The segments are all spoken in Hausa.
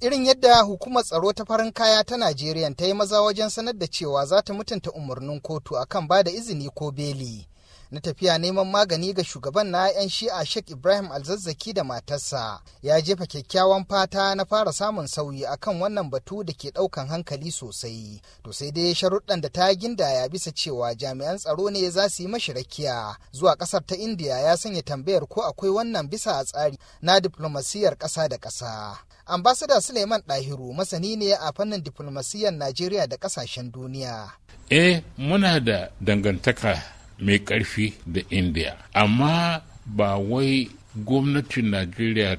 irin yadda hukumar tsaro ta farin kaya ta najeriya ta yi maza wajen sanar da cewa za ta mutunta umarnin kotu akan ba da izini ko beli na tafiya neman magani ga shugaban na 'yan shi'a Sheikh Ibrahim Alzazzaki da matarsa ya jefa kyakkyawan fata na fara samun sauyi akan wannan batu da ke ɗaukan hankali sosai. To sai dai sharuɗɗan da ta ya bisa cewa jami'an tsaro ne za su yi mashi rakiya zuwa ƙasar ta India ya sanya tambayar ko akwai wannan bisa a tsari na diplomasiyar ƙasa da ƙasa. Ambasada Suleiman Ɗahiru masani ne a fannin diplomasiyar Najeriya da ƙasashen duniya. Eh muna da dangantaka mai ƙarfi da indiya amma ba wai gwamnatin najeriya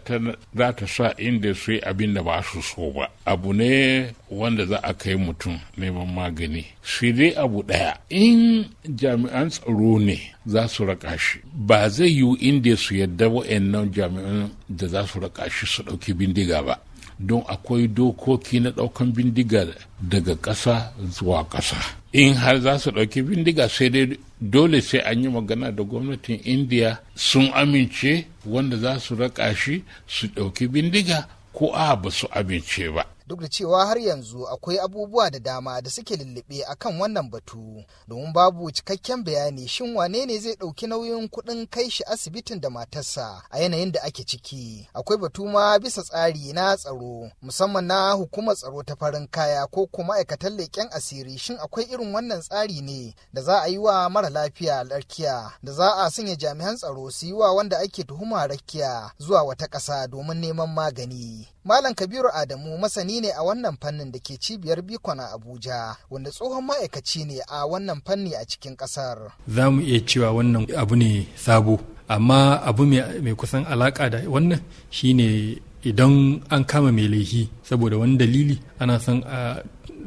za ta sa inda su yi abin da ba su so ba abu ne wanda za a kai mutum neman magani shi dai abu ɗaya in jami'an tsaro ne za su raka shi ba zai yiwu inda su yadda wa'annan jami'an da za su raka shi su ɗauki bindiga ba don akwai dokoki na ɗaukan bindiga daga ƙasa zuwa ƙasa in har za su ɗauki bindiga sai dai dole sai an yi magana da gwamnatin indiya sun amince wanda za su raƙa shi su ɗauki bindiga ko a ba su amince ba duk da cewa har yanzu akwai abubuwa da dama da suke lullube a kan wannan batu domin babu cikakken bayani shin wane ne zai ɗauki nauyin kuɗin kai shi asibitin da matarsa a yanayin da ake ciki akwai batu ma bisa tsari na tsaro musamman na hukumar tsaro ta farin kaya ko kuma ma'aikatan leƙen asiri shin akwai irin wannan tsari ne da za a yi wa mara lafiya larkiya da za a sanya jami'an tsaro su yi wa wanda ake tuhuma rakiya zuwa wata ƙasa domin neman magani Malam Kabiru Adamu masani ne a wannan fannin da ke cibiyar Bikon a Abuja, wanda tsohon ma'aikaci ne a wannan fanni a cikin ƙasar. Za mu iya cewa wannan abu ne sabo, amma abu mai kusan alaƙa da wannan shine idan an kama mai laifi saboda wani dalili ana son a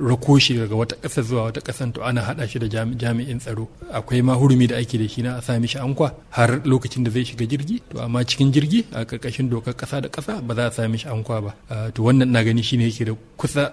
rako shi daga wata ƙasa zuwa wata ƙasan to ana haɗa shi da jami'in tsaro akwai ma hurumi da ake da shi na a sami shi ankwa har lokacin da zai shiga jirgi to amma cikin jirgi a ƙarƙashin dokar ƙasa da ƙasa ba za a sami shi ankwa ba ah, to wannan na gani shine yake da kusa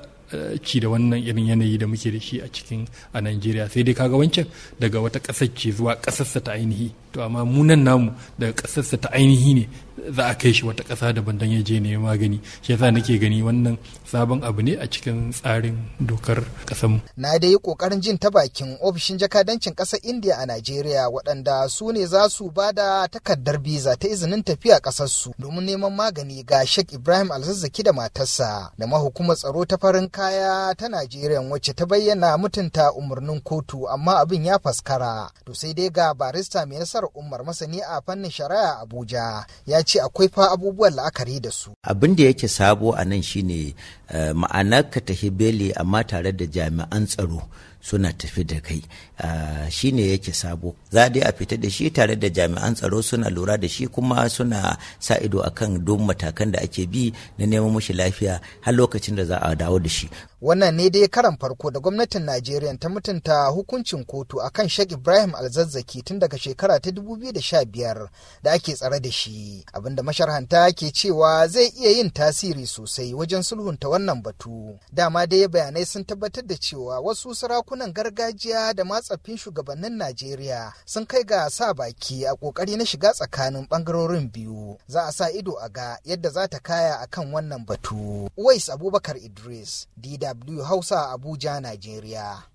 ci da wannan irin yanayi da muke da shi a cikin a Najeriya sai dai kaga wancan daga wata ƙasar ce zuwa ƙasarsa ta ainihi to amma munan namu daga ƙasarsa ta ainihi ne za a kai shi wata ƙasa daban don ya je ne magani shi yasa nake gani wannan sabon abu ne a cikin tsarin dokar ƙasarmu. na dai kokarin jin ta bakin ofishin jakadancin ƙasar indiya a najeriya waɗanda su ne za su ba da takardar biza ta izinin tafiya ƙasarsu domin neman magani ga sheikh ibrahim alzazzaki da matarsa da mahukumar tsaro ta farin kaya ta Najeriya wacce ta bayyana mutunta umarnin kotu amma abin ya faskara. To sai dai ga barista mai nasar umar masani a fannin shari'a Abuja ya ce akwai fa abubuwan la'akari da su. Abin da yake sabo a nan shine eh, ma'anar ka tahi beli amma tare da jami'an tsaro. suna tafi da kai ah, shi ne yake sabo za dai a fita da shi tare da jami'an tsaro suna lura da shi kuma suna sa ido a kan duk matakan da ake bi na neman mushi lafiya har lokacin da za a dawo da shi wannan ne dai karan farko da gwamnatin najeriya ta mutunta hukuncin kotu akan sheikh ibrahim alzazzaki tun daga shekara ta 2015 da ake tsare da shi abinda masharhanta ke cewa zai iya yin tasiri sosai wajen sulhunta wannan batu dama dai bayanai sun tabbatar da cewa wasu sarakuna sarakunan gargajiya da matsafin shugabannin Najeriya sun kai ga sa baki a ƙoƙari na shiga tsakanin ɓangarorin biyu. Za a sa ido a ga yadda za ta kaya a kan wannan batu. Uwais Abubakar Idris, DW Hausa Abuja, Najeriya.